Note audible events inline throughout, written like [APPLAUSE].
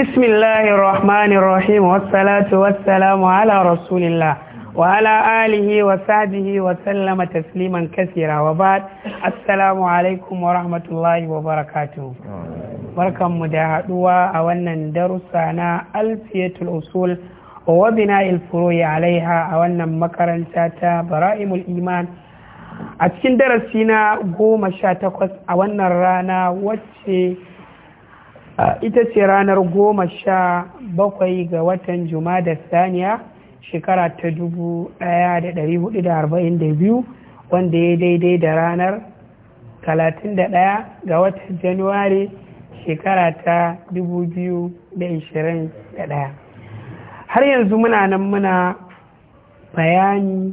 بسم الله الرحمن الرحيم والصلاة والسلام على رسول الله وعلى آله وصحبه وسلم تسليما كثيرا وبعد السلام عليكم ورحمة الله وبركاته barkan mu da haɗuwa a wannan darussa na alfiyatul usul wa bina ilfuroyi alaiha a wannan makaranta ta bara'imul iman a cikin darasi na goma sha takwas a wannan rana wacce ita ce ranar goma sha bakwai ga watan juma da saniya shekara ta dubu daya da dari hudu da arba'in da biyu wanda ya daidai da ranar talatin da daya ga watan januwari shekara ta dubu biyu da ishirin da daya har yanzu muna nan muna bayani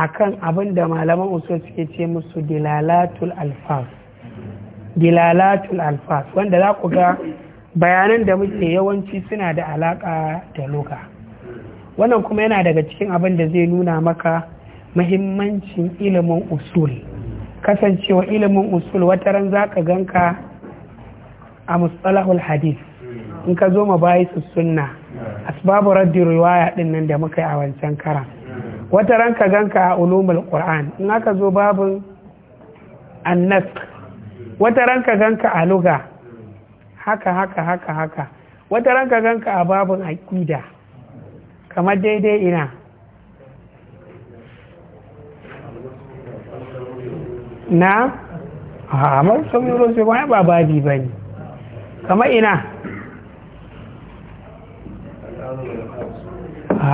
akan abin da malaman usul suke ce musu dilalatul alfaf dilalatul alfas wanda za ku ga bayanan da muke yawanci suna da alaka da luga wannan kuma yana daga cikin abin da zai nuna maka mahimmancin ilimin usul kasancewa ilimin usul wata ran za ka ganka a mustalahul hadis in ka zo ma bayi su sunna asbabu raddi riwaya din nan da muka yi a wancan karan wata ran ka ganka a ulumul qur'an in aka zo babun annas wata ranka ganka a luga haka haka haka haka wata ranka ganka a babin aƙida kamar daidai ina na sun yi rosu ba ba babi ba ne kamar ina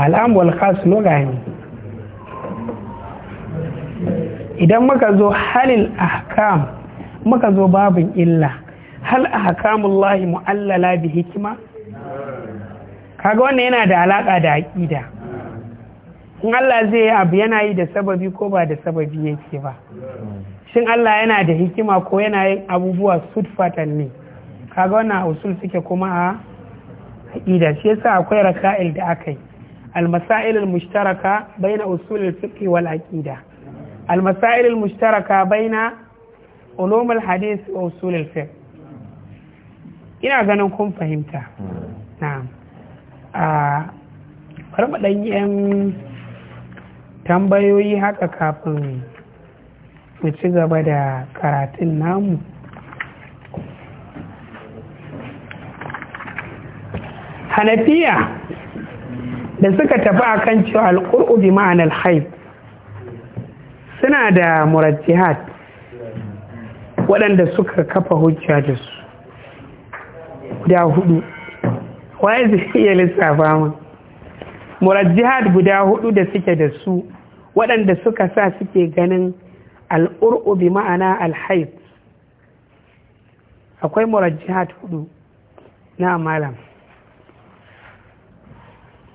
al'amuwal khas luga ne idan muka zo halin ahkam muka zo babin illa hal lahi mu'allala bi hikima kaga wannan yana da alaka da aƙida. in Allah zai yi abu yana yi da sababi ko ba da sababi yake ba shin Allah yana da hikima ko yana yin abubuwa fatan ne kaga wannan usul suke kuma a aƙida? shi yasa akwai raka'il da aka yi المسائل المشتركة بين أصول الفقه والعقيدة المسائل المشتركة بين ulumul hadis wa usulul ina ganin kun fahimta hmm. na a ah, bari mu dan yan tambayoyi haka kafin mu ci gaba da karatun namu hanafiya da suka tafi akan cewa al-qur'u bi ma'anar haif suna da murajjihat waɗanda suka kafa hujja da su guda hudu waye zai iya lissafa mun murajjihad guda hudu da suke da su waɗanda suka sa suke ganin al'ur'u bi ma'ana alhaif akwai murajjihad hudu na malam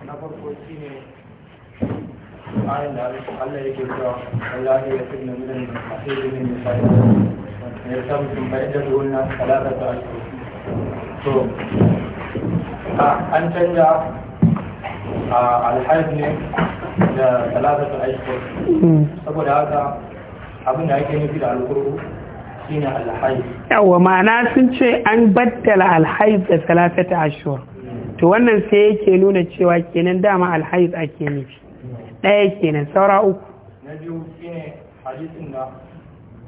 na farko shi ne da Allah ke zuwa Allah ya fi na milan da يرسمتم فعدتهن ثلاثة أشهر to an canja a alhaif ne da talatatul ashkur saboda haka abin da ake nufi da alkuru shine alhaif yawa ma'ana sun ce an battala alhaif da talatatul ashkur mm. to wannan sai yake nuna cewa kenan dama alhaif ake nufi mm. ɗaya kenan saura uku na biyu ne hadisin da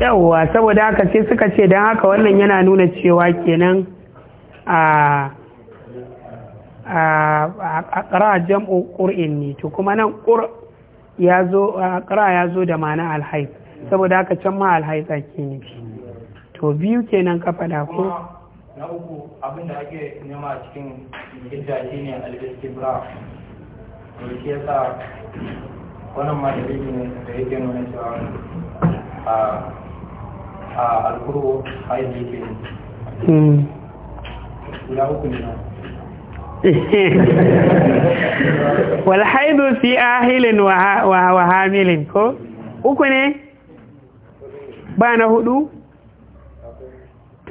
yawwa saboda haka ce suka ce don haka wannan yana nuna cewa kenan a a ƙara ƙur'in ne to kuma nan ƙur ya zo ƙara ya zo da ma'ana alhaif saboda haka can ma alhaif ake ne to biyu kenan ka fada ko na uku abin da ake nema cikin idda ne, al-istibra to shi yasa wannan ma dalili ne da yake nuna cewa a alkuru a yadda yake ne hmm. guda uku ne [LAUGHS] walhaidu fi ahilin wa hamilin ko uku ne ba na hudu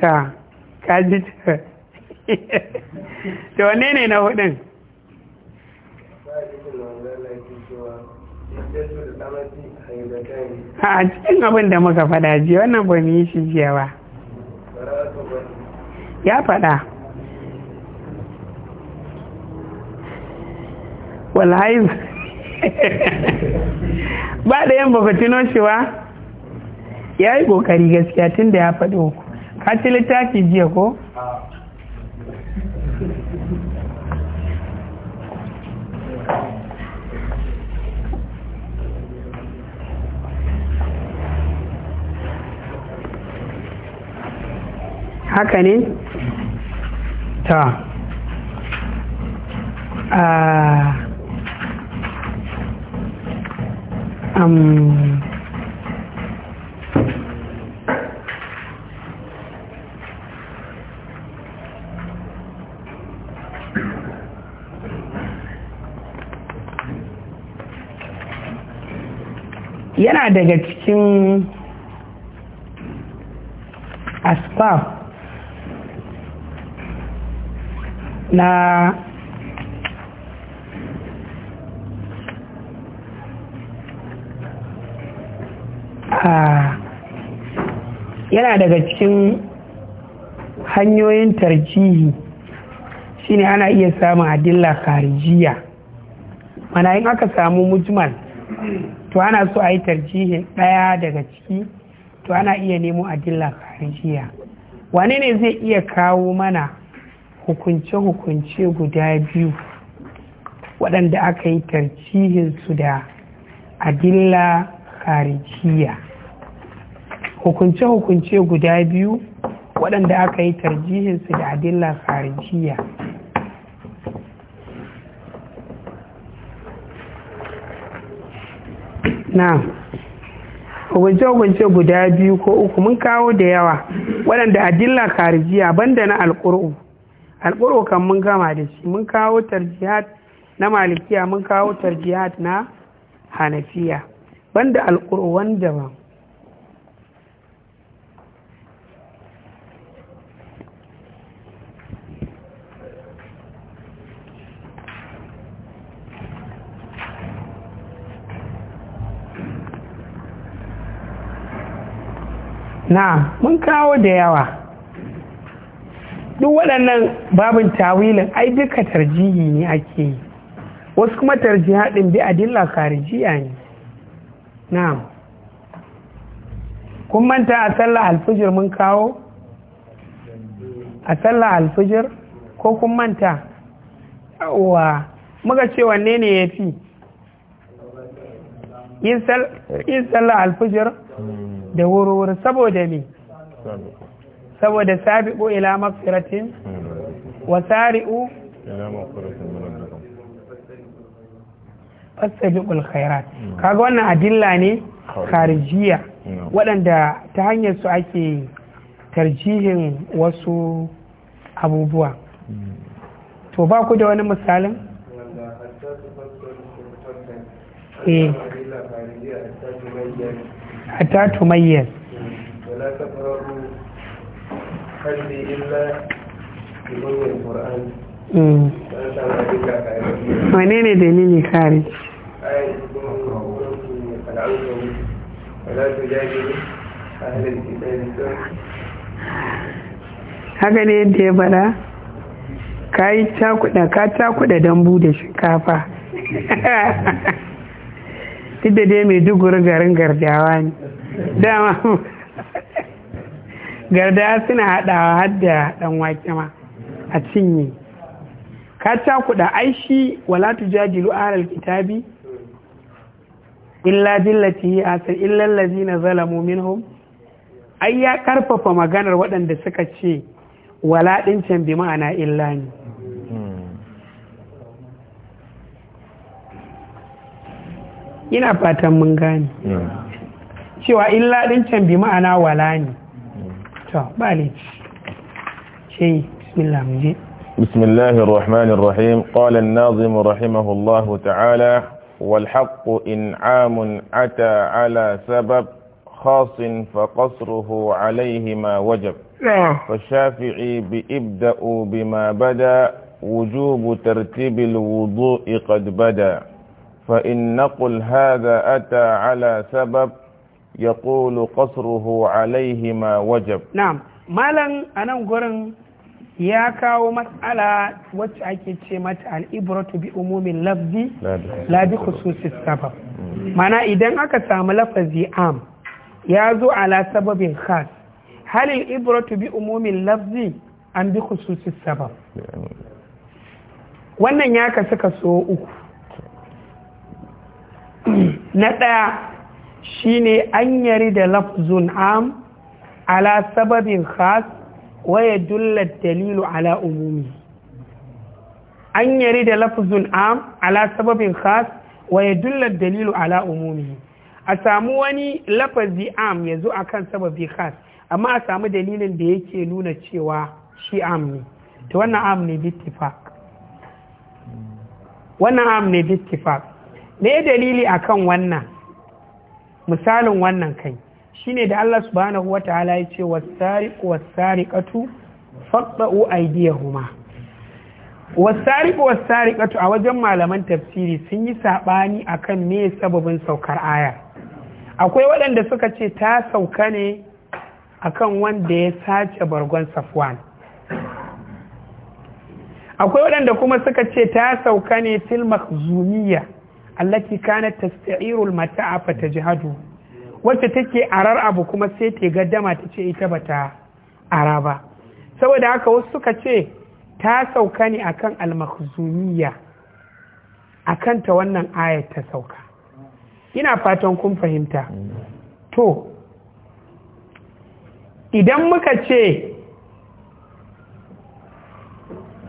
ta kaji ta [LAUGHS] to wanne ne na hudun a cikin abin da muka fada ji wannan ba mu yi shi jiya ba ya fada walhaiz [LAUGHS] ba da yan ya yi kokari gaskiya tun da ya faɗo ka ci littafi jiya ko haka ne ta um, yana daga cikin asbab na yana daga cikin hanyoyin tarjihi shine ana iya samun adilla kharijiya mana in aka samu mujmal to ana so a yi tarjihin ɗaya daga ciki to ana iya nemo adilla kharijiya wane ne zai iya kawo mana hukunce-hukunce guda biyu waɗanda aka yi tarcihinsu da adilla kharijiya hukunce-hukunce guda biyu waɗanda aka yi tarjihinsu da adilla kharijiya na hukunce-hukunce guda biyu ko uku mun kawo da yawa waɗanda adilla kharijiya banda na alƙur'u alƙuro kan mun gama da shi mun kawo tarjihat na malikiya mun kawo tarjihat na hanafiya banda alƙuro wanda ba na mun kawo da yawa duk waɗannan babin tawilin ai duka tarjihi ne ake yi wasu kuma tarjiha ɗin bi adilla karijiya ne na'am kun manta a sallah alfijir mun kawo a sallah alfijir ko kun manta wa muka ce wanne ne ya fi yin sallah alfijir da wuri-wuri saboda ne saboda sabiqu ila Mafiratin, wa sari'u ila khairat mm. kaga wannan adilla ne kharijiya mm. waɗanda ta hanyar su ake tarjihin wasu abubuwa mm. to ba ku da wani misalin eh. hatta tumayyar kalbi illa ibn qur'an mm. wane ne kare haka ne yadda ya bada ka yi cakuda ka cakuda dambu da shinkafa [LAUGHS] duk da dai mai duguri garin gardawa ne dama garda suna haɗawa har da ɗan wake ma a cinye ka da aishi wala jajilu ahlal kitabi illa billati a san illa allazina zalamu minhum ai ya karfafa maganar waɗanda suka ce wala ɗin can bi ma'ana illa ne ina fatan mun gane cewa illa ɗin can bi ma'ana wala ne to ba ne shi بسم الله الرحمن الرحيم قال الناظم رحمه الله تعالى والحق إنعام أتى على سبب خاص فقصره عليه ما وجب فالشافعي بإبدأ بما بدا وجوب ترتيب الوضوء قد بدا فإن نقل هذا أتى على سبب ya قصره عليه ما وجب نعم مالن أنا قرن ya kawo matsala wacce ake ce mata al'ibratu bi umumin lafzi labi khususis sabab mana idan aka samu lafazi ya zo ala sababin halin ibratu bi umumin lafzi an bi khususis sabab wannan ya kasu kaso uku na ɗaya Shi ne an yari da lafzun am ala sababin khas waya dullar dalilu ala umumi an yari da lafzun am ala sababin khas waya dullar dalilu ala umumi a samu wani lafazi am ya zo akan sababi khas amma a samu dalilin da yake nuna cewa shi am ne ta wannan am ne bittifaq wannan am ne bittifaq me dalili akan wannan misalin wannan kai shine da Allah subhanahu wa ta'ala ya ce wasariqu wasariqatu faqta'u aydiyahuma wasariqu wasariqatu a wajen malaman tafsiri sun yi sabani akan me sababin saukar aya akwai waɗanda suka ce ta sauka ne akan wanda ya sace bargon safwan akwai waɗanda kuma suka ce ta sauka ne fil makhzumiyya allati kanat tasta'iru almata'a fa tajhadu wacce take arar abu kuma sai ta gaddama ta ce ita bata ara ba saboda haka wasu suka ce ta sauka ne akan al akan ta wannan ayat ta sauka ina fatan kun fahimta to idan muka ce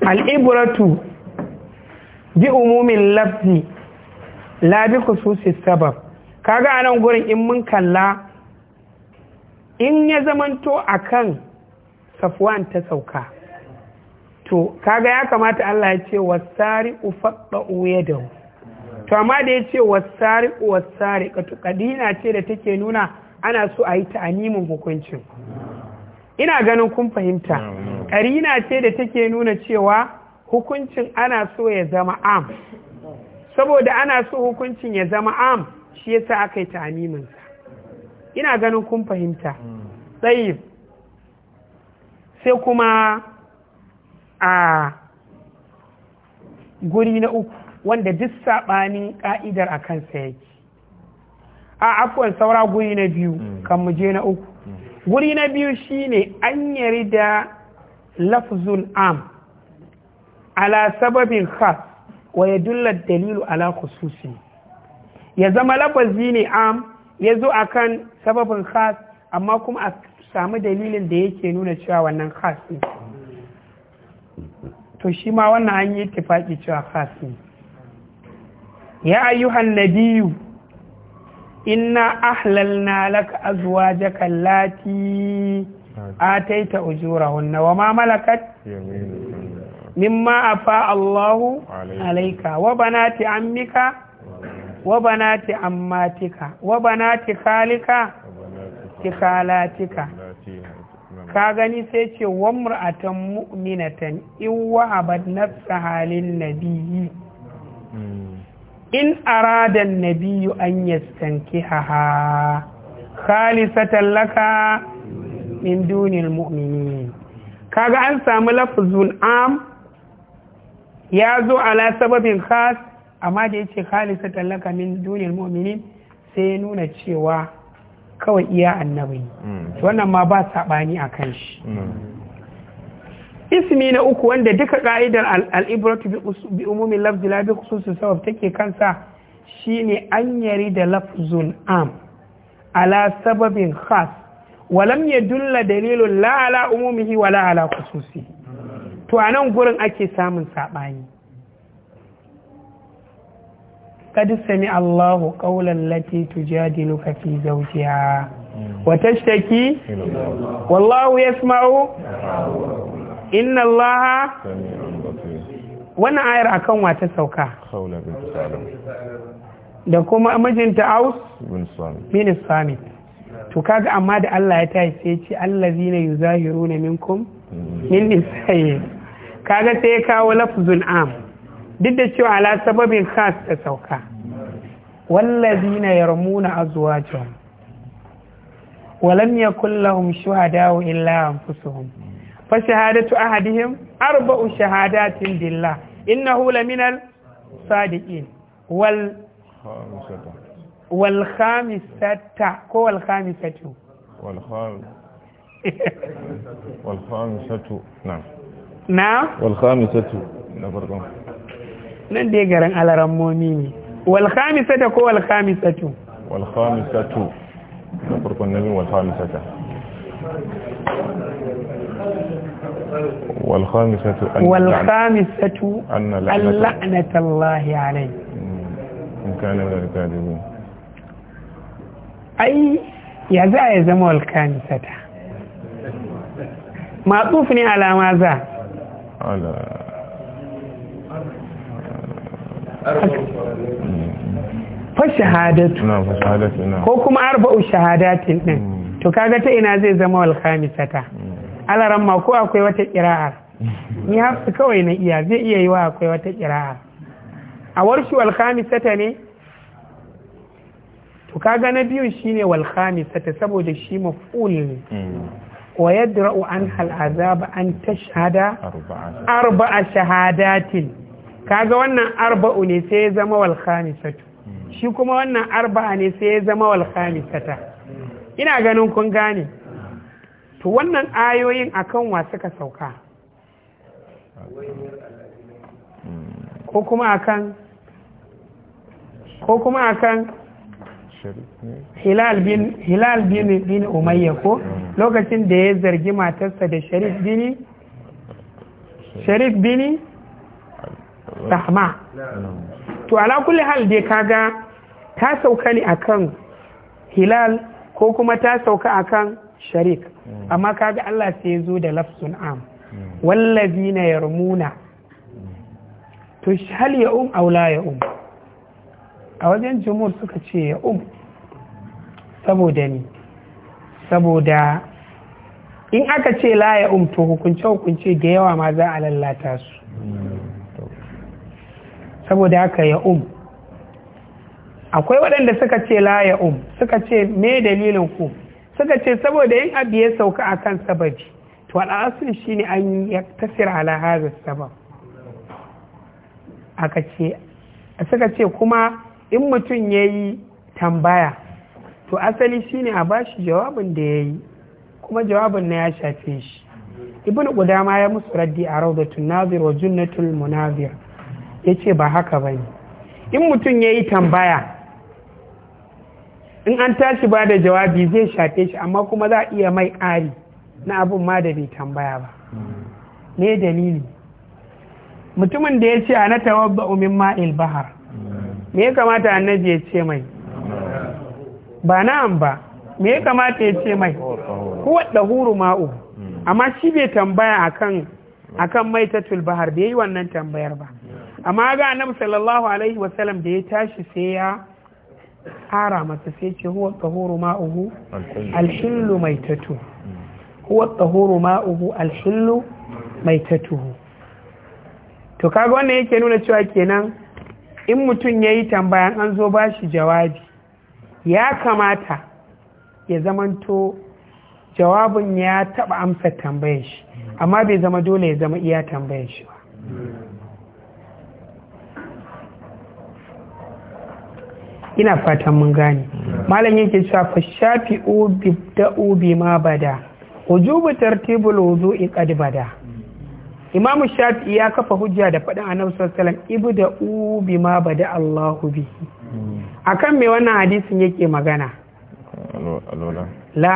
al'ibratu bi umumin lafzi la bi sabab kaga anan gurin in mun kalla in ya zamanto akan safwan ta sauka to kaga ya kamata Allah ya ce wasari ufadda yadahu to amma da ya ce wasari wasari kadina ce da take nuna ana so a yi animin hukuncin ina ganin kun fahimta karina ce da take nuna cewa hukuncin ana so ya zama am saboda ana so hukuncin ya zama am shi yasa aka yi ta'amiminsa ina ganin kun fahimta tsayi sai kuma a guri na uku wanda duk saɓanin ƙa'idar a kansa yake a afuwan saura guri na biyu kan mu je na uku guri na biyu shine an da lafzul am ala sababin khas wa ya dulla dalilu ala khususi ya zama lafazi ne am ya zo a kan sababin khas amma kuma a samu dalilin da yake nuna cewa wannan khas ne to shi ma wannan an yi tufaƙi cewa khas ne ya ayyuhan nabiyu inna ahlalna laka azwajaka lati ataita ujurahunna wa ma malakat mimma afa Allahu alaika wa banati ammika wa banati ammatika wa banati khalika tikhalatika ka gani sai ce wa mur'atan mu'minatan in wa'abat nafsaha lin nabiyyi in arada an-nabiyyu an yastankihaha khalisatan laka min dunil mu'minin kaga an samu lafzul am ya zo ala sababin khas amma da ya ce khalisa tallaka min duniyar mu'minin sai ya nuna cewa kawai iya annabi hmm. wannan ma ba saɓani a kan shi hmm. ismi na uku wanda duka ka'idar al'ibratu bi umumin lafzi la bi khususi sabab take kansa shine an yari da lafzun am ala sababin khas walam ya dulla dalilun la ala umumihi wala ala kususi to a nan gurin ake samun saɓani قد سمع الله قول التي تجادلك في زوجها وتشتكي والله يسمع إن الله وانا آير أكون واتسوكا da kuma mijinta aus min samit to kaga amma da Allah ya tayi sai ce allazina zahiru na hmm. min nisa'i kaga sai ya kawo lafzul am duk da cewa ala sababin khas ta sauka wallazina yarmuna azwajahum ولم يكن لهم شهداء إلا أنفسهم فشهادة أحدهم أربع شهادات لله إنه لمن الصادقين وال والخامسة كو الخامسة والخامسة والخامسة نعم na walkhamisatu na farkon nan dai garin alaran momi ne walkhamisata ko walkhamisatu walkhamisatu na farkon nan walkhamisata walkhamisatu walkhamisatu an la'natullahi alayhi in kana min al-kadibin ai ya za ya zama walkhamisata matsuf ne alama za ala fa shahadatu ko kuma arba'u shahadatin din to kaga ta ina zai zama wal khamisata alaran ma ko akwai wata qira'a ni hafsu kawai na iya zai iya yi wa akwai wata qira'a a warshi wal khamisata ne to kaga na biyu shine wal khamisata saboda shi maf'ul wa yadra'u anha al'azab an tashhada arba'a shahadatin kaga wannan arba'u ne sai ya zama wal khamisatu shi kuma wannan arba'a ne sai ya zama wal khamisata ina ganin kun gane to wannan ayoyin akan wa suka sauka ko kuma akan ko kuma akan hilal bin hilal bin bin umayya ko lokacin da ya zargi matarsa da sharif bini sharif bin Sahma. to ala kulli hal dai kaga ta sauka ne akan hilal ko kuma ta sauka akan sharif amma kaga Allah sai ya zo da lafsun am wallazina yarmuna to hal ya um aw la ya um a wajen jumhur suka ce ya um saboda ni saboda in aka ce la ya um to hukunce hukunce da yawa ma za a lallata su saboda haka ya um akwai waɗanda suka ce la ya um suka ce me dalilin ku suka ce saboda yin abu ya sauka a kan sababi to shi ne an ya tasir ala hadha sabab aka ce suka ce kuma in mutum ya yi tambaya to asali shine a bashi jawabin da ya yi kuma jawabin na ya shafe shi ibn qudama ya musu raddi a rawdatul nazir wa junnatul munazir ya ce ba haka ba ne. in mutum ya yi tambaya in an tashi ba da jawabi zai shafe shi amma kuma za a iya mai ƙari na abin ma da bai tambaya ba ne dalili mutumin da ya ce a na tawabba umin ma'il bahar me ya kamata annabi ya ce mai ba na'am ba me ya kamata ya ce mai huru dahuru ma'u amma shi bai tambaya akan akan ta tulbahar bai yi wannan tambayar ba amma ga annabi sallallahu alaihi wasallam da ya tashi sai ya ƙara masa sai ce huwa tahuru ma'uhu alhillu maitatu huwa tahuru ma'uhu alhillu maitatuhu to kaga wannan yake nuna cewa kenan in mutum ya yi tambayan an zo ba shi jawabi ya kamata ya zamanto jawabin ya taɓa amsa tambayar shi amma bai zama dole ya zama iya tambayar shi ba ina fatan mun gane malam yake cewa fa shafi ubi da ubi ma bada wujubu tartibul wudu'i qad bada imam shafi ya kafa hujja da faɗin annabi sallallahu alaihi wasallam ibda'u ma bada Allahu a hmm. akan me wannan hadisin yake magana la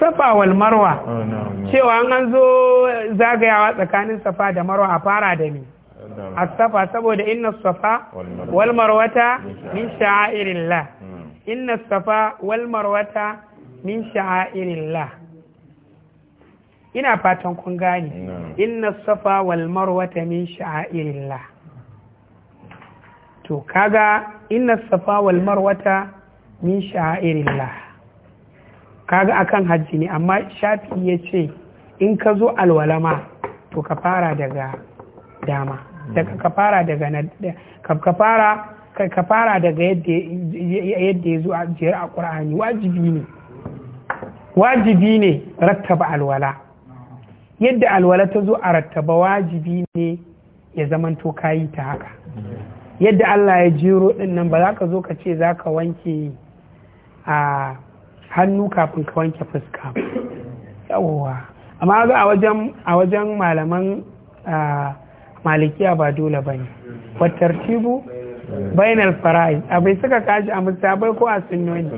safa wal marwa oh, cewa an zo zagayawa tsakanin safa da marwa a fara da ni safa saboda hmm. inna safa wal marwata min sha'airillah inna safa wal marwata min la. ina fatan kun gane inna safa wal marwata min sha'irillah to kaga inna safa wal marwata min sha'irillah kaga akan hajji ne amma shafi ya ce in ka zo alwalama to ka fara daga dama hmm. daga ka fara daga ka fara ka fara daga yadda ya zo a jiyar a ƙur'ani wajibi ne wajibi ne rattaba alwala yadda alwala ta zo a rattaba wajibi ne ya zamanto kayi ta haka yadda Allah ya jero din nan ba za ka zo ka ce za ka wanke a hannu kafin ka wanke fuska yawwa amma za a wajen a wajen malaman malikiya ba dole ba ne wa tartibu bainal fara'i abai suka kaji a musabai ko a sunnoni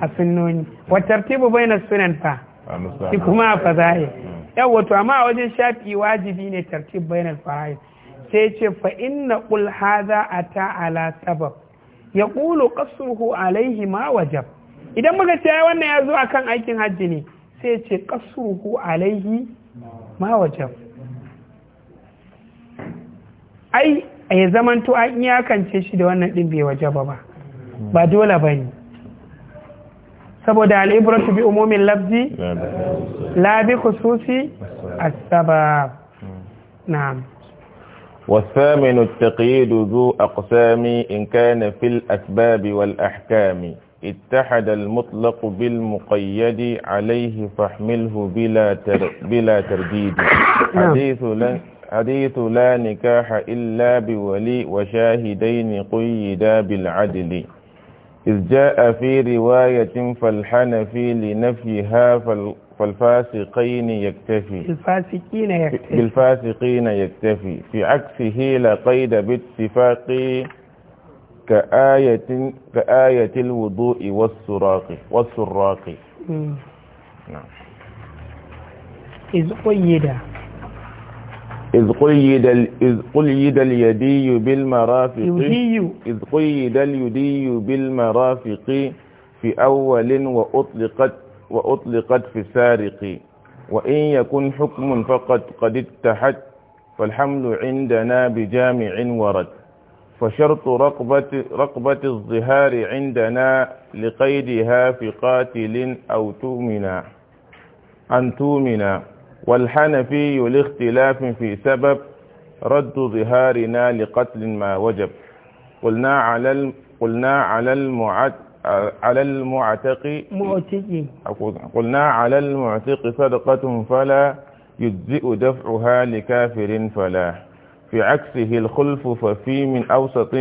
a sunnoni wa tibu bainas sunan fa shi kuma a fazai yawa to amma a wajen shafi wajibi ne tartib bainal fara'id sai ce fa inna qul hadha ata ala sabab yaqulu qasruhu alayhi ma wajab idan muka ce wannan ya zo akan aikin hajji ne sai ce qasruhu alayhi ma wajab ai ya zamanto an iyakance shi da wannan din bai wajaba ba ba dole bane saboda al'ibratu bi umumin labdi la bi khususi as-sabab na'am والثامن التقييد ذو أقسام إن كان في الأسباب والأحكام اتحد المطلق بالمقيد عليه فاحمله بلا, تر بلا ترديد نعم. حديث لا, حديث لا نكاح إلا بولي وشاهدين قيدا بالعدل إذ جاء في رواية فالحنفي لنفيها فال فالفاسقين يكتفي الفاسقين يكتفي بالفاسقين يكتفي في عكسه لقيد باتفاق كآية كآية الوضوء والسراق والسراق نعم إذ قيد إذ قيد إذ قيد اليدي بالمرافق يدي إذ قيد اليدي بالمرافق في أول وأطلقت وأطلقت في السارق وإن يكن حكم فقد قد اتحد فالحمل عندنا بجامع ورد فشرط رقبة, رقبة الظهار عندنا لقيدها في قاتل أو تومنا أن تومنا والحنفي لاختلاف في سبب رد ظهارنا لقتل ما وجب قلنا على قلنا على المعد على المعتق قلنا على المعتق صدقة فلا يجزئ دفعها لكافر فلا في عكسه الخلف ففي من أوسط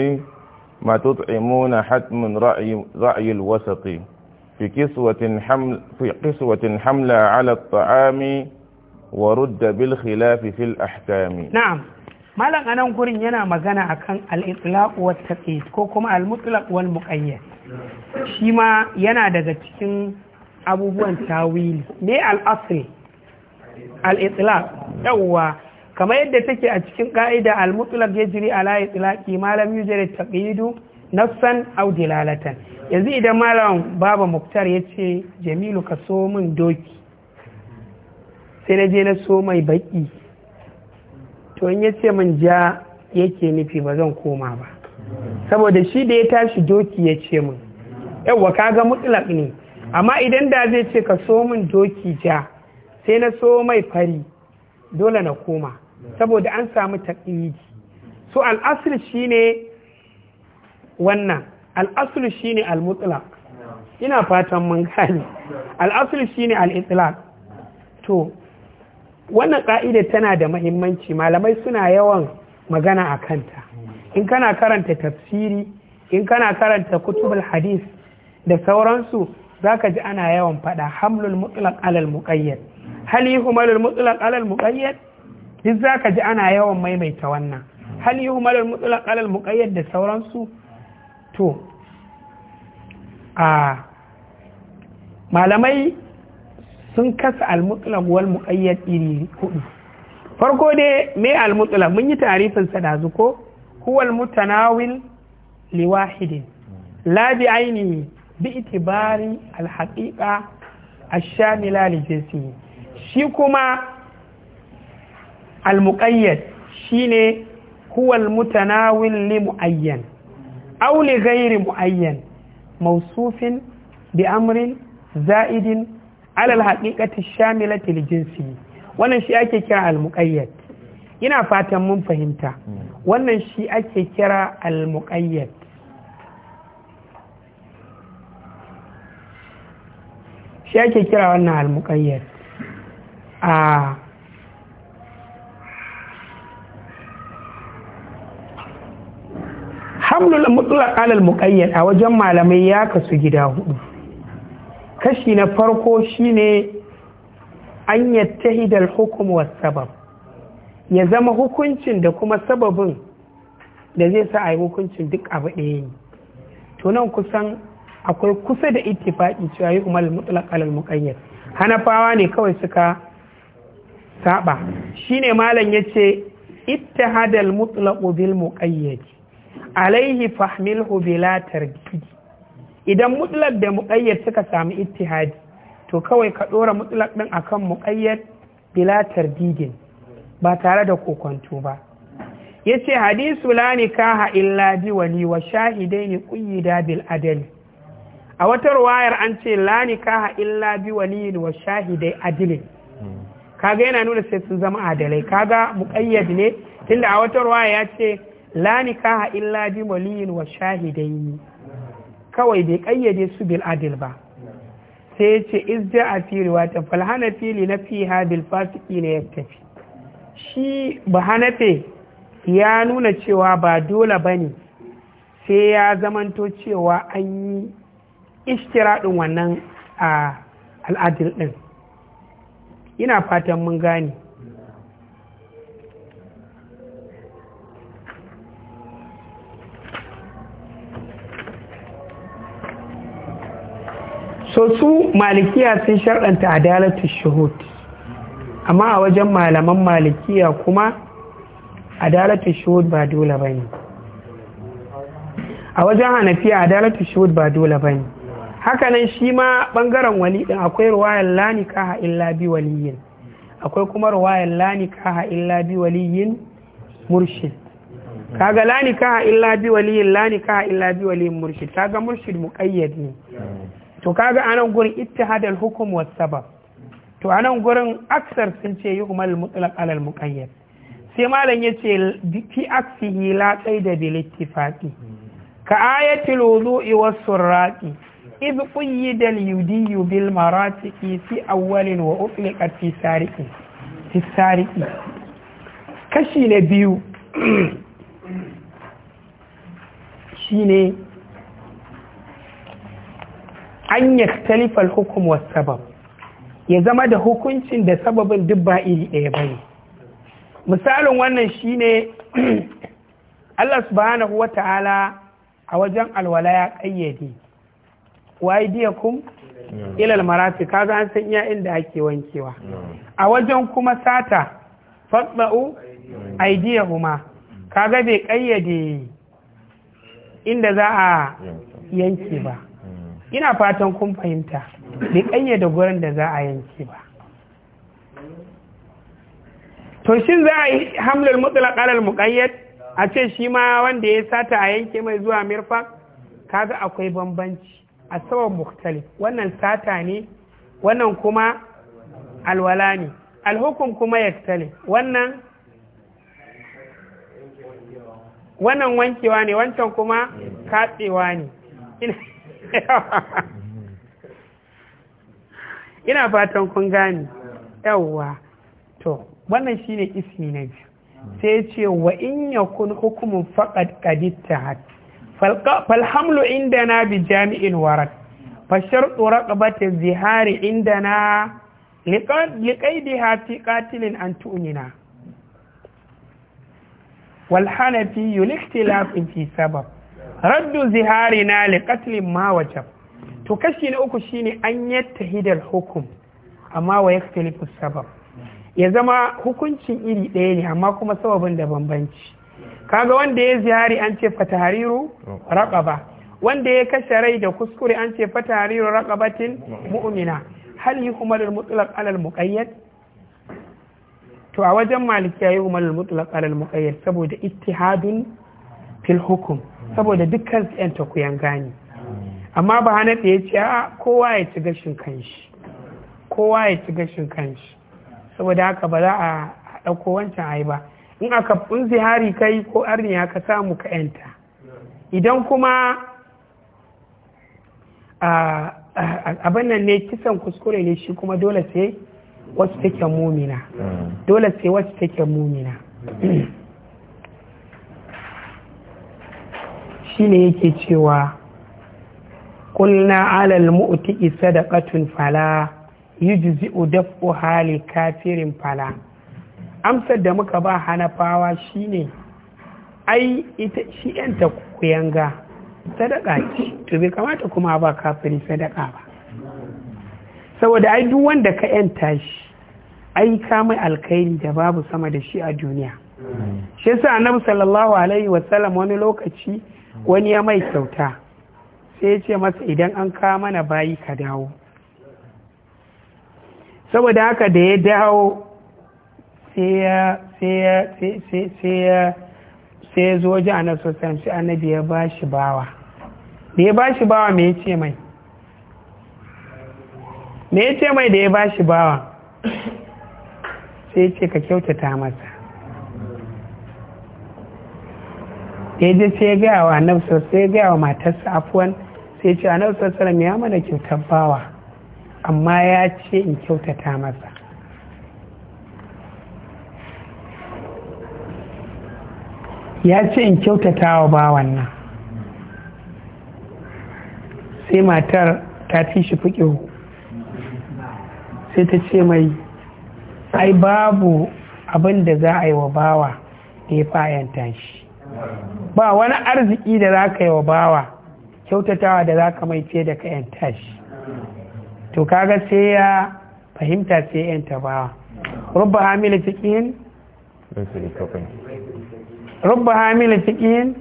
ما تطعمون حتم رأي, رأي الوسط في كسوة حمل في قسوة حملة على الطعام wa rudda bil khilafi fil ahkami na'am malam anan gurin yana magana akan al-itlaq wa taqis ko kuma al-mutlaq shi ma yana daga cikin abubuwan tawili me al-asli al-itlaq yawwa kamar yadda take a cikin ƙa'ida al-mutlaq yajri ala malam ma lam yujri nafsan aw dilalatan yanzu idan malam baba muktar yace jamilu kaso min doki sai na je na so mai baki to in ya ce min ja yake nufi ba zan koma ba saboda shi da ya tashi doki ya ce min yawwa ga mutlaq ne amma idan da zai ce ka so min doki ja sai na so mai fari dole na koma saboda an samu taƙiyi so al'asir shine wannan al'asir shine al-mutlaq ina fatan mun gane al'asir shine al-itlaq to wannan ka'idar tana da mahimmanci malamai suna yawan magana a kanta in kana karanta tafsiri in kana karanta kutubul hadis da sauransu za ka ji ana yawan fada hamlul mutlaq alal muqayyad hal yuhmalul mutlaq alal muqayyad duk ka ji ana yawan maimaita wannan hal yuhmalul mutlaq alal muqayyad da sauransu to a malamai sun kasa al-mutlaq wal muqayyad iri hudu farko dai mai al mun yi tarifin sa da zuko huwa mutanawil li labi aini bi ainihi bi itibari alhaƙiƙa a shamila shi kuma al shi shine kuwal al-mutanawil li muayyan aw li ghairi muayyan mausufin bi amrin za'idin alal haqiqati shamilati li jinsi wannan shi ake kira al muqayyad ina fatan mun fahimta wannan shi ake kira al muqayyad shi ake kira wannan al muqayyad a hamlul mutlaq alal muqayyad a wajen malamai ya kasu gida hudu kashi na farko shine an yattahidal hukum was sabab ya zama hukuncin da kuma sababin da zai sa a yi hukuncin duk abu ɗaya ne to nan kusan akwai kusa da ittifaqi cewa yi umar mutlaq al muqayyad hanafawa ne kawai suka saba shine malam yace ittihadal mutlaq bil muqayyad alaihi fahmilhu bila tardid idan mutlak da muƙayyad suka sami ittihadi to kawai ka ɗora mutlak ɗin akan muƙayyad bila tardidin ba tare da kokonto ba yace hadisu la nikaha illa bi wali wa shahidaini quyida bil adali a wata ruwayar an ce la nikaha illa bi wali wa shahidai adilin kaga yana nuna sai sun zama adalai kaga muqayyad ne tunda a wata ruwaya ya ce la nikaha illa bi wali wa shahidaini kawai bai kayyade su bil adil ba sai ya ce izja a firiwa ta falhana fili na fi ha bil fasiki ne ya tafi shi hanafe ya nuna cewa ba dole ba ne sai ya zamanto cewa an yi ishtiraɗin wannan a al'adil ɗin ina fatan mun gane so su malikiya sun sharɗanta adalatu shuhud amma a wajen malaman malikiya kuma adalatu shuhud ba dole ba ne a wajen hanafiya adalatu shuhud ba dole ba ne hakanan shi ma ɓangaren wali ɗin akwai ruwayar lanika ha illa bi waliyin akwai kuma ruwayar lanika ha illa bi waliyin murshid kaga lanika ha illa bi waliyin lanika ha illa bi waliyin murshid kaga murshid muƙayyad ne to kaga anan gurin ittihadal hukum was sabab to anan gurin aksar sun ce yuhmal mutlaq alal muqayyad sai malam yace fi aksihi la qaida bil ittifaqi ka ayatil wudu'i was surraqi idh quyida al yudiyu bil maratiqi fi awwalin wa utliqat fi sariqi fi sariqi kashi na biyu [CLEARS THROAT] shine an yi talifal hukum sabab ya zama da hukuncin da sababin duk ba iri ɗaya bane misalin wannan shi ne, [CLEARS THROAT] Allah subhanahu wata'ala a wajen alwala ya ƙayyade wa diya hmm. ila Ilal marafi kaga an san iya inda ake wankewa hmm. a wajen kuma sata fadba'u hmm. aidiyahuma kaga bai ƙayyade inda za a yanke ba ina fatan kun fahimta bai da gurin da za a yanke ba to shin za a yi hamlar mutlaq alal muqayyad a ce shi ma wanda ya sata a yanke mai zuwa mirfa kaga akwai bambanci a sabon muktali wannan sata ne wannan kuma alwala ne alhukum kuma yaktalif wannan wannan wankewa ne wancan kuma katsewa ne [LAUGHS] ina fatan kun gani yawwa to wannan shi ne ismi na biyu sai ce wa in ya kun hukumin faƙad ƙaditta falhamlu inda na bi jami'in warat fashar tsoron ƙabatar zihari inda na liƙai da hafi ƙatilin an tunina walhana fi yulikti lafi fi sabab raddu zihari na qatlin ma wajab to kashi na uku shine an hidar hukum amma wa yaktalifu sabab ya zama hukuncin iri ɗaya ne amma kuma sababin da bambanci kaga wanda ya zihari an ce raƙa raqaba wanda ya kashe rai da kuskure an ce hariru raqabatin mu'mina hal yi kuma mutlaq alal muqayyad to a wajen malikiya yi kuma mutlaq ala alal muqayyad saboda ittihadun fil hukum saboda dukkan yan ta gani amma ba hana da ya ce a kowa ya ci gashin kanshi kowa ya ci gashin kanshi saboda haka ba za a ɗauko wancan ai ba in aka in zihari kai ko arniya ka samu ka yanta idan kuma abin nan ne kisan kuskure ne shi kuma dole sai wasu take mumina mm. dole sai wasu take mumina mm. shine yake cewa kulna alal da sadaqatun fala yujzi'u daf'u hali kafirin fala amsar da muka ba hanafawa shine ai ita shi yanta kuyanga sadaka ce to bai kamata kuma ba kafiri sadaka ba saboda ai duk wanda ka yanta shi ai ka mai alkhairi da babu sama da shi a duniya mm. shi yasa annabi sallallahu alaihi wasallam wani lokaci wani ya mai kyauta sai ya ce masa idan an kawo mana bayi ka dawo saboda haka da ya dawo sai ya zo ji annabi sosai sai annabi ya ba shi bawa da ya ba shi bawa me ya ce mai mai ce mai da ya ba shi bawa sai ce ka kyautata masa da je sai ya gaya wa annabi sai ya gaya wa matarsa afuwan sai ce annabi sallallahu ya mana kyautar bawa amma ya ce in kyautata masa ya ce in kyautata wa bawan nan sai matar ta fi shi fiƙihu sai ta ce mai ai babu abin da za a yi wa bawa da ya fa'yanta shi ba wani arziki da za ka yi wa bawa kyautatawa da za ka mai ce da ka yanta shi to kaga sai ya fahimta sai yanta bawa rubba hamila cikin rubba hamila cikin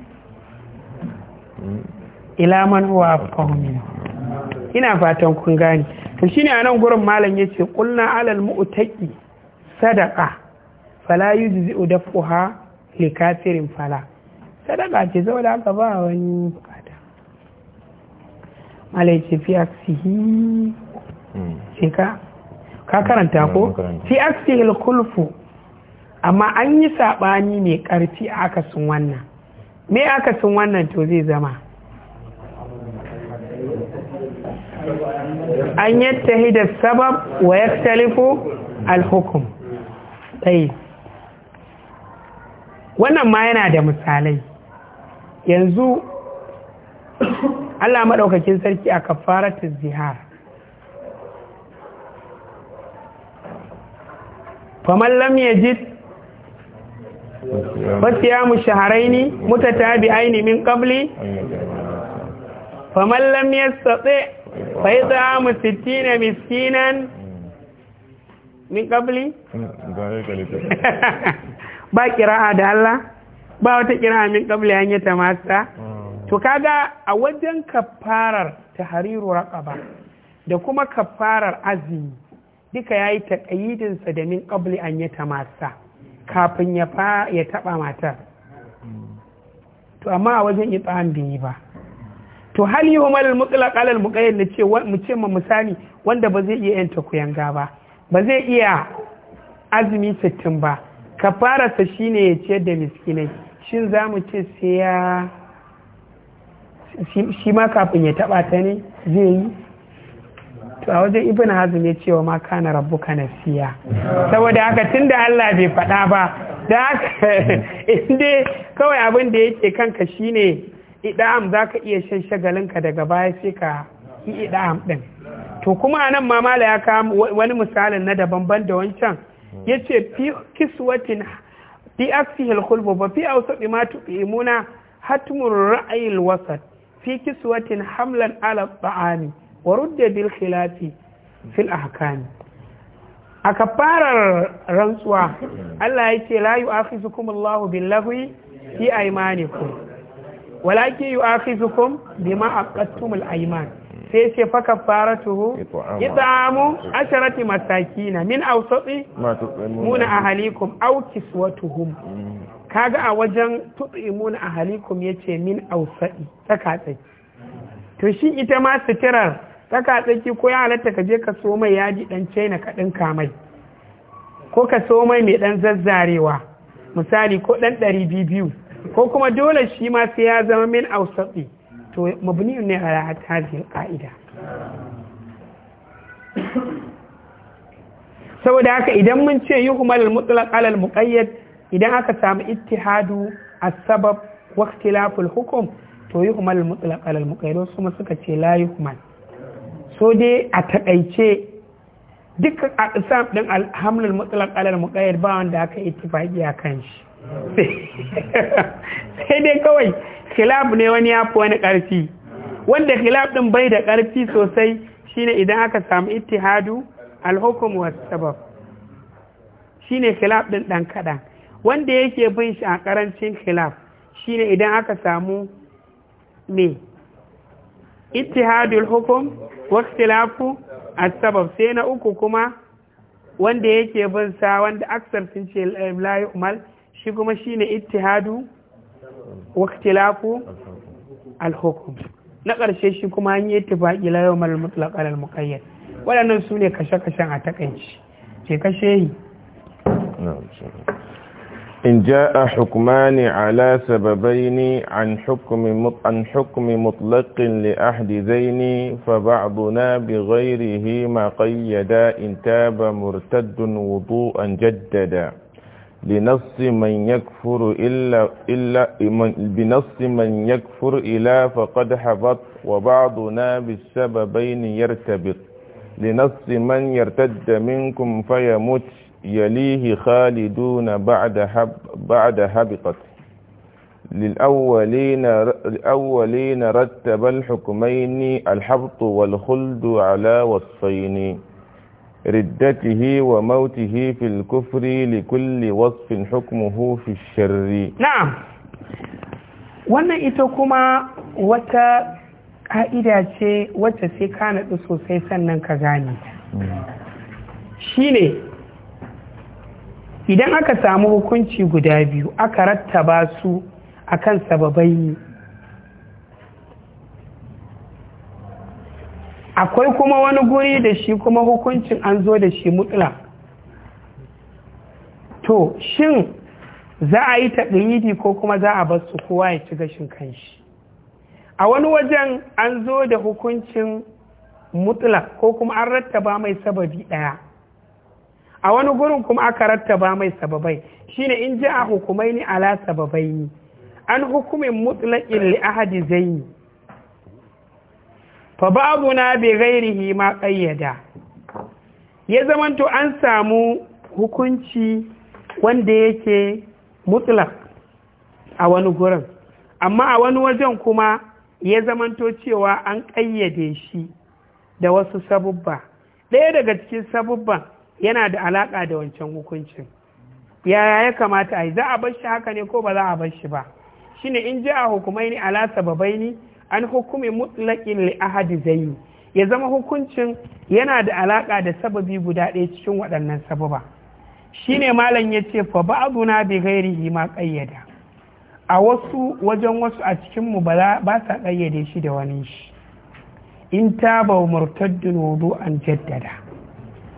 ilaman huwa afkahumina ina fatan kun gani to shine a nan gurin malam yace kulna alal mu'taqi sadaqa fala yujzi'u dafuha ha likasirin fala sadaka ce saboda haka ba wani bukata malai ce fi aksihi hmm. ce ka ka karanta ko hmm, fi aksihi kulfu amma an yi saɓani mai ƙarfi a akasin wannan me akasin wannan to zai zama an yattahi da sabab wa ya talifu alhukum wannan ma yana da misalai yanzu Allah maɗaukakin sarki a kafaratu zihar faman lam yajid fasiyamu shahraini aini min qabli faman lam yastati fa yata'amu 60 miskinan min qabli ba qira'a da Allah [LAUGHS] ba wata kira min kabla an yi tamasa mm. to kaga a wajen kafarar tahriru raqaba da kuma kafarar azumi duka yayi yi sa da min qabli an yi tamasa kafin ya fa ya taba matar mm. to amma a wajen it'am bai ba to hal yi umar mutlaq alal muqayyad ce mu ce ma misali wanda ba zai iya yanta ba ba zai iya azumi sittin ba kafararsa shine ya ciyar da miskinai shin za mu ce sai ya shi ma kafin ya taba ta ne zai yi to a wajen ibn hazm ya cewa ma kana kana nasiya saboda haka tunda Allah bai faɗa ba da haka [LAUGHS] inda kawai abin da yake kanka shine idam zaka iya shan shagalinka daga baya sai ka yi idam din to kuma anan mamala ya kawo wani misalin na daban ban da wancan yace fi kiswatin fi aksihi alkhulbu ba fi awsati ma tuqimuna fi kiswatin hamlan ala wa rudda bil khilafi fil ahkam a kafarar rantsuwa Allah ya ce la yu'akhizukum Allahu bil lahwi fi aymanikum walakin sai ce faka fara tuhu sharati masaki na min awsati muna ahalikum aw kiswatuhum mm. kaga a wajen tu'imuna ahalikum ce min awsati ta katsaki to shi ita ma sitirar ta katsaki ko ya halatta ka je ka so mai yaji dan China ka dinka mai ko ka so mai mai ɗan zazzarewa misali ko ɗan ɗari biyu ko kuma dole shi ma sai ya zama min awsati to mabni ne a hadhihi alqaida saboda haka idan mun ce yuhmal al-mutlaq ala al idan aka samu ittihadu a sabab wa ikhtilafu al to yuhmal al-mutlaq ala al-muqayyad kuma suka ce la yuhmal so dai a takaice dukkan aqsam din al-haml mutlaq ala al-muqayyad ba wanda aka a akan shi [LAUGHS] sai dai kawai khilaf ne wani ya fi wani ƙarfi wanda khilaf ɗin bai da ƙarfi sosai shine idan aka samu ittihadu alhukum wa sabab shine khilaf ɗin ɗan kaɗan wanda yake bin shi a ƙarancin khilaf shine idan aka samu me ittihadul hukum wa ikhtilafu sabab sai na uku kuma wanda yake bin sa wanda aksar sun ce la yu'mal shi kuma ne ittihadu wa ikhtilafu al-hukm na ƙarshe shi kuma an yi ittifaqi la yawmal mutlaq al waɗannan su ne kashe-kashen a takaici ce kashe yi إن جاء حكمان على سببين عن حكم عن حكم مطلق لأحد ذين فبعضنا بغيره ما قيدا إن تاب wudu an jaddada. بنص من يكفر إلا, إلا بنص من يكفر إلا فقد حبط وبعضنا بالسببين يرتبط لنص من يرتد منكم فيمت يليه خالدون بعد حب بعد هبطت للأولين الأولين رتب الحكمين الحبط والخلد على وصفين riddatihi wa mautihi fil kufri kulli wasfin hukmuhu fi na'am wannan ita kuma wata ka'ida ce wacce sai ka naɗu sosai sannan ka gane shine idan aka samu hukunci guda biyu aka rattaba su akan sababai akwai kuma wani guri da shi kuma hukuncin an zo da shi mutula to shin za a yi taɗayidi ko kuma za a bar su kowa ya ci gashin kanshi a wani wajen an zo da hukuncin mutula ko kuma an rattaba mai sababi ɗaya a wani gurin kuma aka rattaba mai sababai shine in ji a hukumai ni ala sababai ni an hukumin mutula li ahadi zaini fa na bai gairihi ma ƙayyada. ya zamanto an samu hukunci wanda yake mutlaq a wani gurin amma a wani wajen kuma ya zamanto cewa an ƙayyade shi da wasu sabubba ɗaya daga cikin sabubban yana da alaƙa da wancan hukuncin yaya ya kamata a za a bar shi haka ne ko ba za a bar shi ba shine in ji a hukumai ni ala sababai ni an hukumi mutlaƙin li ahadi zayu ya zama hukuncin yana da alaƙa da sababi guda ɗaya cikin waɗannan sababa Shi ne malam ya ce fa na bi ghairihi ma ƙayyada. a wasu wajen wasu a cikin mu ba sa ƙayyade shi da wani shi in ta taba murtaddin wudu an jaddada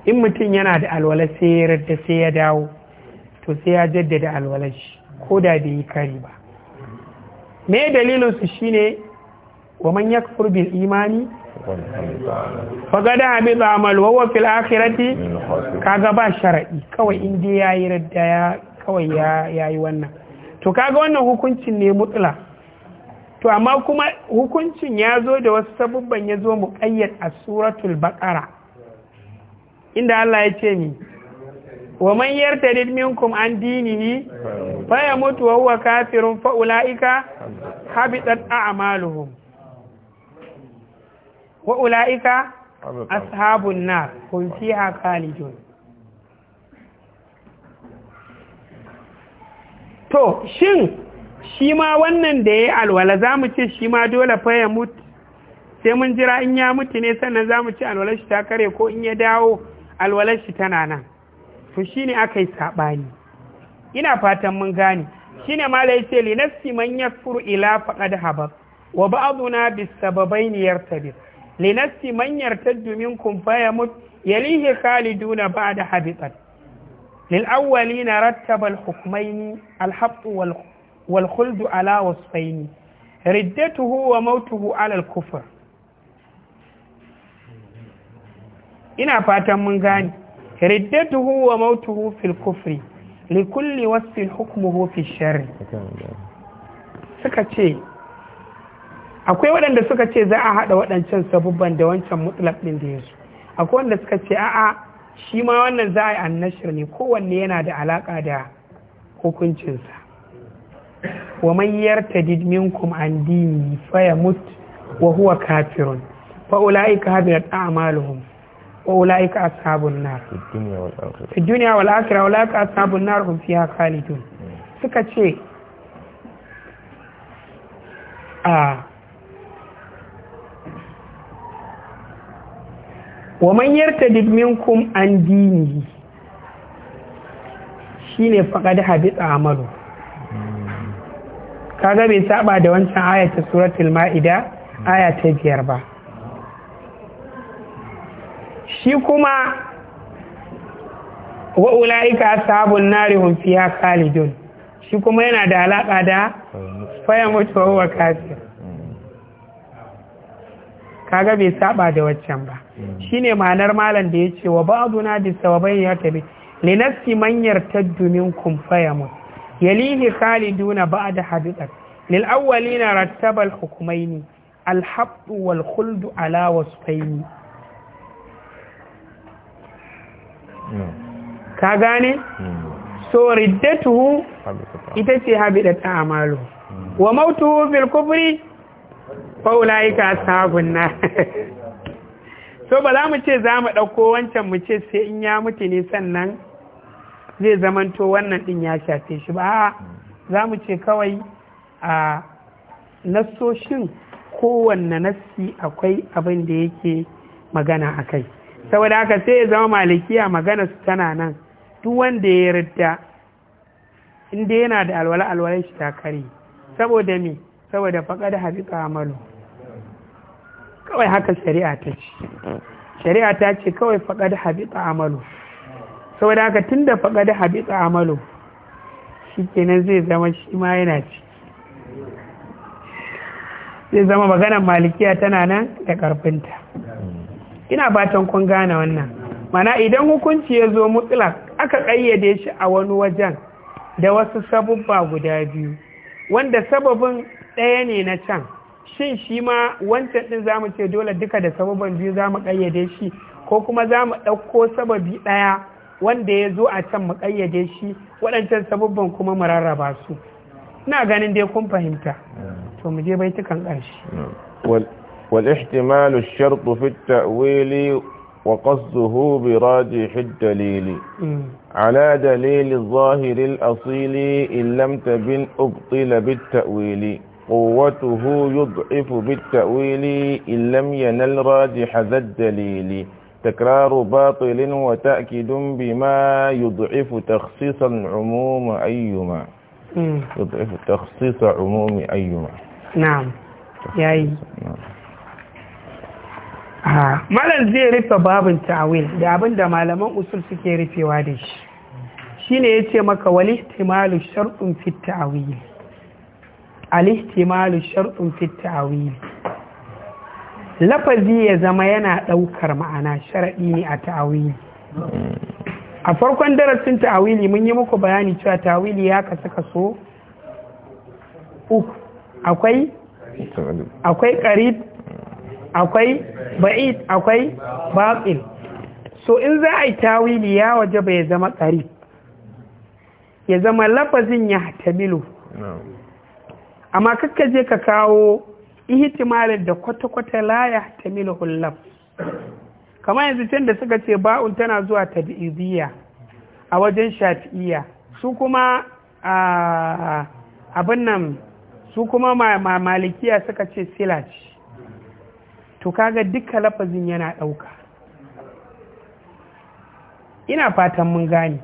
in mutum yana da alwala sai ya radda sai ya dawo to sai ya jaddada alwalar shi ko da bai yi kari ba me dalilin su shine wa man yakfur bil imani fagada habita amal wa fil akhirati kaga ba shar'i kawai in dai yayi radda kawai ya yayi wannan to kaga wannan hukuncin ne mutla to amma kuma hukuncin ya zo da wasu sabubban ya zo kayyad a suratul baqara inda Allah ya ce mi. wa man didmin minkum an dinihi fa yamutu wa huwa kafirun fa ulaika habitat a'maluhum wa ula'ika ashabun nar fi a khalidun to shin shi ma wannan da ya yi alwala za mu ce shi ma dole fa mutu sai mun jira in ya mutu ne sannan za mu ce alwalar shi ta kare ko in ya dawo alwalar shi tana nan to shi ne aka yi saɓani ina fatan mun gane shi ne ma lai ce linafsi man ya furu ila faɗa da haɓar wa ba'aduna bisababai ne yartabir linafsi man yartaddu minkum fayamut yalihi khaliduna ba'da habitat lil awwalina rattaba al hukmayni al habt wal wal khuld ala wasfayni riddatuhu wa mautuhu ala al kufr ina fatan mun gane riddatuhu wa mautuhu fil kufri likulli kulli wasfin hukmuhu fi sharri suka ce akwai waɗanda suka ce za a haɗa waɗancan sabubban da wancan mutlaf ɗin da yasu akwai wanda suka ce a'a shi ma wannan za a yi annashir ne kowanne yana da alaƙa da hukuncinsa wa man yartadid minkum an dini fa yamut wa huwa kafirun fa ulaika habitat a'maluhum wa ulaika ashabun nar fi dunya wal akhirah ulaika ashabun nar hum fiha khalidun hmm. suka ce a wa man yartadid minkum an dini shine faqad habita amalu kaga bai saba da wancan ayatul suratul maida aya ta biyar ba shi kuma wa ulaika ashabun nari hum fiha khalidun shi kuma yana da alaka da fayamutu wa kafir kaga bai saba da waccan ba hmm. shine ma'anar malam da ya wa ba'duna bi sababai ya tabi linafsi man yartaddu minkum fayamun yalihi khaliduna ba'da hadidat lil awwalina rattaba al hukumaini al habd wal khuld ala wasfaini hmm. ka gane hmm. so riddatuhu ita ce habidat a'malu wa mautuhu bil kufri faulaika ashabun na [LAUGHS] so ba za mu ce za mu ɗauko wancan mu ce sai in ya mutu ne sannan zai zamanto wannan ɗin ya shafe shi ba za mu ce kawai a nassoshin kowanne nassi akwai abin da yake magana a kai saboda haka sai ya zama malikiya magana su tana nan duk wanda ya yarda inda yana da alwala alwala shi ta kare saboda me saboda faƙar da habiƙa amalu kawai haka shari'a ta ce shari'a ta ce kawai faƙar habiƙa amalu saboda haka tun da faƙar da habiƙa amalu shi kenan zai zama shi ma yana ci zai zama maganar malikiya tana nan da ƙarfinta ina batan kun gane wannan mana idan hukunci ya zo mutlak aka ƙayyade shi a wani wajen da wasu sabubba guda biyu wanda sababin ɗaya ne na can shin shi ma wancan ɗin za mu ce dole duka da sababan biyu za mu ƙayyade shi ko kuma za mu ɗauko sababi ɗaya wanda ya zo a can mu ƙayyade shi waɗancan sababban kuma mu rarraba su ina ganin dai kun fahimta to mu je baitukan ƙarshe والاحتمال الشرط في التأويل وقصده براجح الدليل على دليل الظاهر الأصيل إن لم تبن أبطل بالتأويل قوته يضعف بالتأويل إن لم ينل راجح ذا الدليل تكرار باطل وتأكيد بما يضعف تخصيص العموم أيما يضعف تخصيص عموم أيما نعم ياي نعم. ها آه. ما زي رفا باب التأويل دا ابن دا مالما أصول سكي رفي وادش شين يتي مكا والاحتمال شرط في التأويل al-ihtimalu shartun fi ta'wil lafazi ya zama yana ɗaukar ma'ana sharaɗi ne a ta'awili a farkon darasin ta'awili mun yi muku bayani cewa ta'awili ya kasu kaso uku akwai akwai ƙarib akwai ba'id akwai baƙil so in za a yi ta'awili ya waje bai zama ƙarib ya zama lafazin ya tamilu amma kakka je ka kawo ihtimalin da kwata-kwata la ya tamila hullab kamar yanzu can da suka ce ba'un tana zuwa tabi'idiyya a wajen shafi'iyya su kuma abin nan su kuma malikiya suka ce silaci to kaga duka lafazin yana ɗauka ina fatan mun gane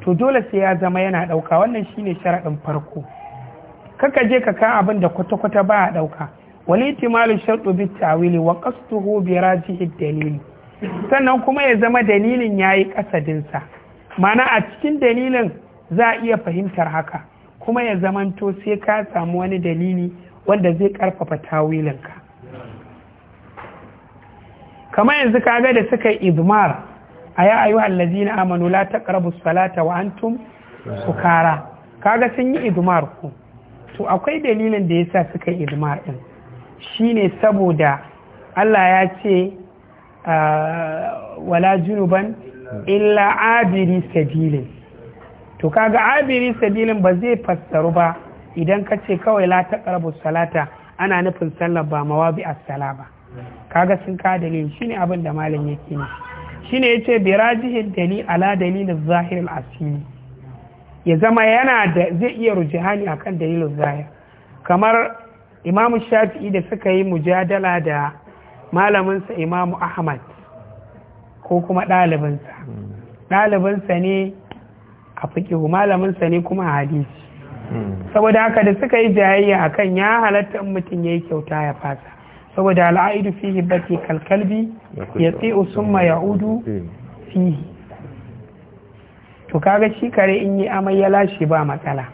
to dole sai ya zama yana ɗauka wannan shine sharaɗin farko kaka je ka kan abin da kwata-kwata ba a ɗauka wani itimalin sharɗu bi tawili wa qastuhu bi rajihi dalili sannan kuma ya zama dalilin ya ƙasa ƙasadinsa mana a cikin dalilin za a iya fahimtar haka kuma ya zamanto sai ka samu wani dalili wanda zai ƙarfafa tawilinka kamar yanzu kaga da suka yi idmar a ya ayu na amanu la taqrabu salata wa antum sukara kaga sun yi idmar ku to akwai dalilin da ya sa suka yi ilma din shine saboda Allah ya ce ah, wala junuban illa abiri sabilin to kaga abiri sabilin ba zai fassaru ba idan ka ce kawai la karbu salata ana nufin sallar ba mawabi as-sala ba kaga sun ka dalili shine abin da malam yake ne shine yace bi rajihi dalil ala dalilin zahirin asiri ya zama yana da zai iya rujihani akan dalilin zaya kamar imamu shafi'i da suka yi mujadala da malaminsa imamu ahmad ko kuma ɗalibinsa ɗalibinsa ne a ku malaminsa ne kuma hadisi saboda haka da suka yi jayayya akan ya halatta in mutum ya yi kyauta ya fasa saboda al'aidu fi hibbati kalkalbi ya tsi'u ma ya'udu fihi to kaga shi kare in yi amai ya lashe ba matsala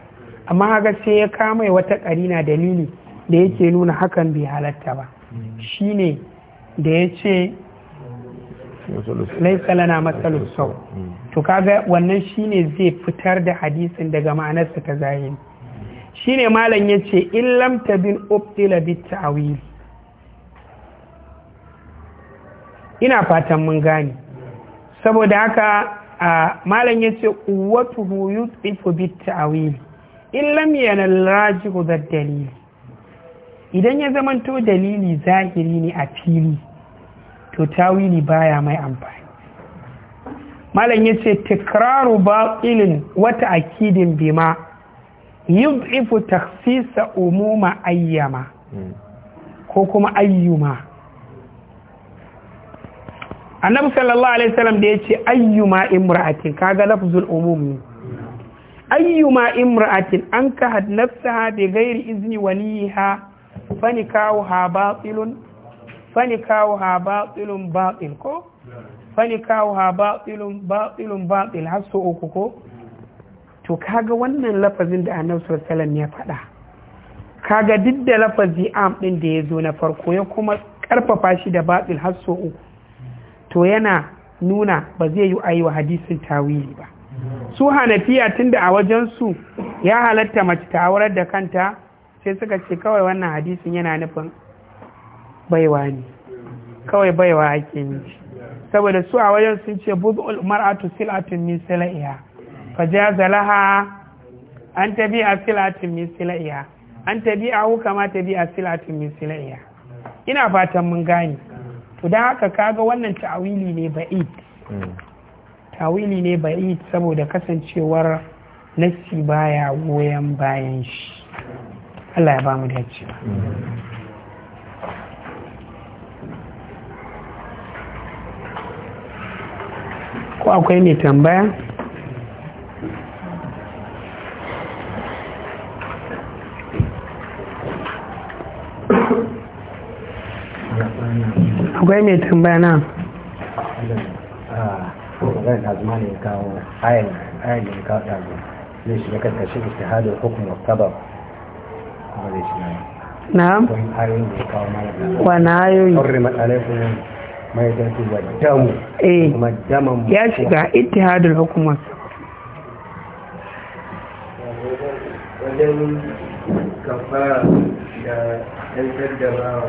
amma haka sai ya kama wata karina dalili da yake nuna hakan bai halatta ba shine da ya ce laisa lana matsalar sau to kaga wannan shine zai fitar da hadisin daga ma'anarsa ta zahiri shine malam ya ce in lam tabin ubtila bit ta'wil ina fatan mun gane saboda haka malam ya ce, yace quwwatuhu bitta a ta'wil in lam yanal laji da dalili idan ya zamanto dalili zahiri ne a fili to tawili baya mai amfani malam ya ce yace ba ilin wata akidin bima yud'ifu taksisa umuma ayyama hmm. ko kuma ayyuma annabi sallallahu alaihi wasallam da yace ayyuma imra'atin kaga lafzul umum ne ayyuma imra'atin an had nafsaha bi ghairi izni waliha fa batilun fa batilun batil ko fa batilun batilun batil hasu uku ko to kaga wannan lafazin da annabi sallallahu alaihi wasallam ya faɗa kaga duk da lafazi am din da ya zo na farko ya kuma karfafa shi da batil hasu uku to yana nuna ba zai yi a wa hadisin tawili ba su hanafiya tunda a wajensu ya halatta mace ta aurar da kanta sai suka ce kawai wannan hadisin yana nufin baiwa ne kawai baiwa ake yi saboda su a wajen sun ce budul mar'atu sil'atun min sila'iha fa jaza an tabi'a sil'atun min sila'iha an tabi'ahu kama tabi'a sil'atun min sila'iha ina fatan mun gane to don haka kaga wannan ta'awili ne ba'id hmm. ta'awili ne ba'id saboda kasancewar nassi baya goyon bayan shi Allah ya ba mu dacewa ko akwai mai tambaya akwai mai tambaya na maganar da zuma ne ya kawo ayan ayan da ya kawo ɗazu zai shiga karkashin istihadar hukumar sabab kuma zai shiga na'am ayoyin da ya kawo mana wa na ayoyi hurrimat alaikum maitatu wa damu eh kuma daman ya shiga ittihadul hukumar wajen kafara da yantar da bawa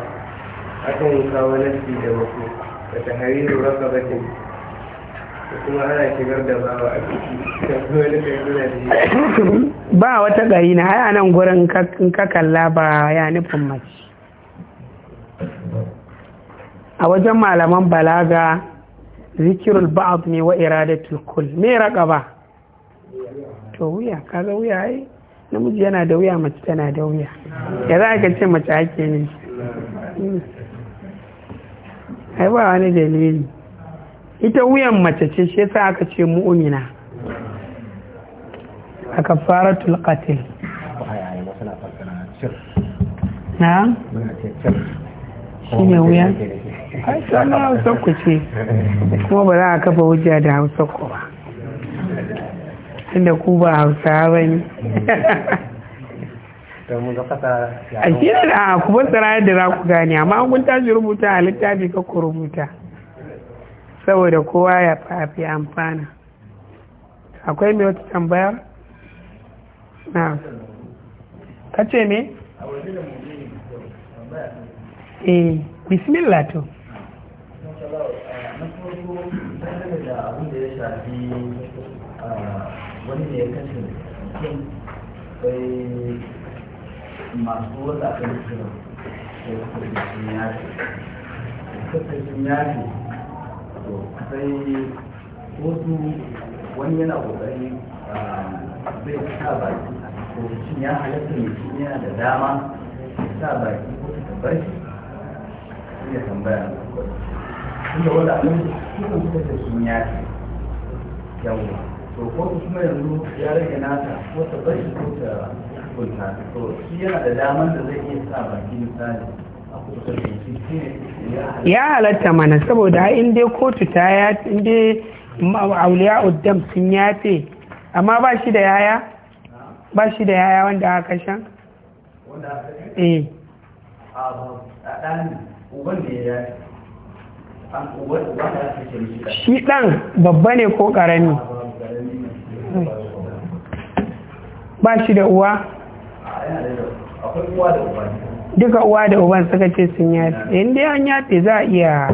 akan kawo nasi da wasu da tahariru rakabatin da kuma ana shigar da bawa a ciki da kuma da suna da ba wata gari na haya nan gurin kakalla ba ya nufin mace a wajen malaman balaga zikirul ba'd ne wa iradatul kull me ba? to wuya kaga wuya ai namiji yana da wuya mace tana da wuya ya za ka ce mace ake ne ai ba wani dalili ita wuyan mace ce shi yasa aka ce mu'mina a kafaratul qatil na shi ne wuya a sana hausa ku ce kuma ba za a kafa hujja da hausa ku ba inda ku ba hausa ba ne [LAUGHS] a shi ne a kuma tsara yadda za ku gane amma an kun tashi rubuta a littafi ka ku rubuta saboda kowa ya fafi amfana akwai mai wata tambaya na ka ce me eh bismillah to ah, wani ne ya kashe masu wata a kan kira da kuka sun yafe kuka sun yafe to sai wasu wani yana kokari zai sa baki ko shin ya halatta mai shi yana da dama sa baki ko ta tabbaci shi ya tambaya tunda wanda abin suka suka ce sun yafe yawwa to ko kuma yanzu ya rage nata ko ta bari ko ta ya halatta mana saboda in dai kotu ta ya in dai auliya uddam sun yafe amma ba shi da yaya ba shi da yaya wanda aka shan eh shi ɗan babba ne ko ƙarami ba shi da uwa duka uwa da uban suka ce sun yafe in an yafe za a iya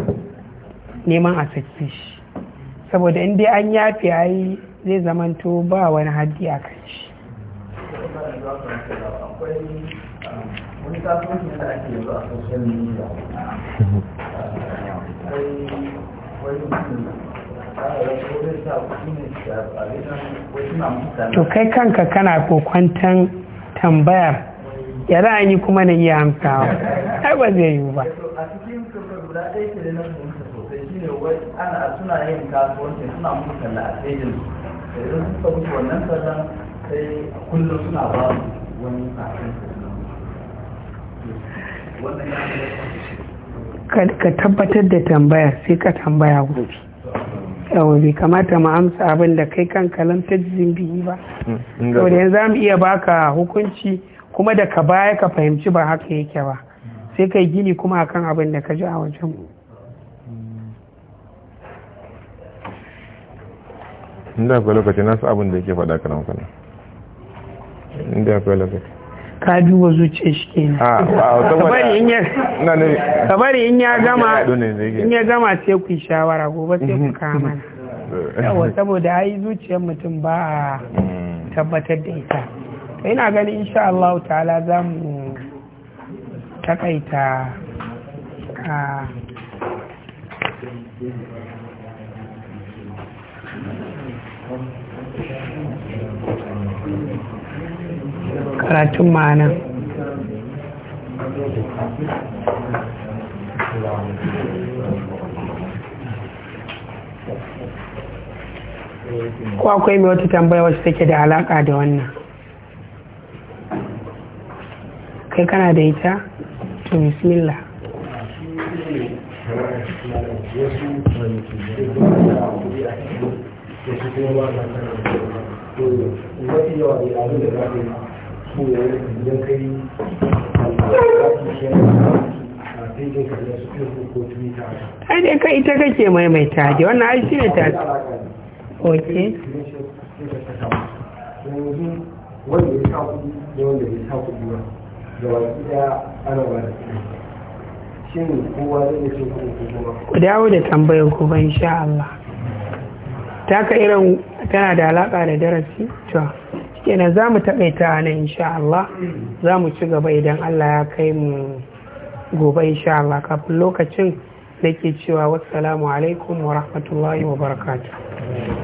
neman a saki shi saboda in dai an yafe a yi zai zamanto ba wani haddi a kan shi to kai kanka kana kokwantan tambayar ya ra'ayi kuma na iya amsawa ai ba zai yiwu ba a cikin da nan sosai ana suna yin kasuwanci suna mutu a fejin da idan suka mutu wannan sallan sai kullum suna ba wani kafin ka tabbatar da tambaya sai ka tambaya gobe yawon bai kamata mu amsa abin da kai kan kalan ta biyu ba hmm, saboda yanzu za mu iya baka hukunci kuma da ka baya ka fahimci ba haka yake ba sai kai gini kuma akan abin da ka ji a wajen inda akwai lokaci nasu abin da yake faɗa kanan kanan inda akwai lokaci ka duba zuciya shi ke ah, ah, ka bari in ya gama in ya gama sai ku shawara gobe sai ku mhm. kama [LAUGHS] yawa saboda yi zuciyar mutum ba a mm. tabbatar da ita ina ganin insha Allah ta'ala za mu takaita a Thank you. karatun ma'ana ko akwai mai wata tambaya wacce take da alaka da wannan kai kana da ita to bismillah Thank you. ya kai ai dai ka ita kake maimaita ji wannan ai shine ta ok wanda ya da ku dawo da tambayar ku ban sha Allah ta ka irin tana da alaka da darasi kenan za mu taƙaita nan insha Allah za mu ci gaba idan Allah ya kai mu gobe insha Allah kafin lokacin nake cewa wassalamu alaikum wa rahmatullahi wa barakatuh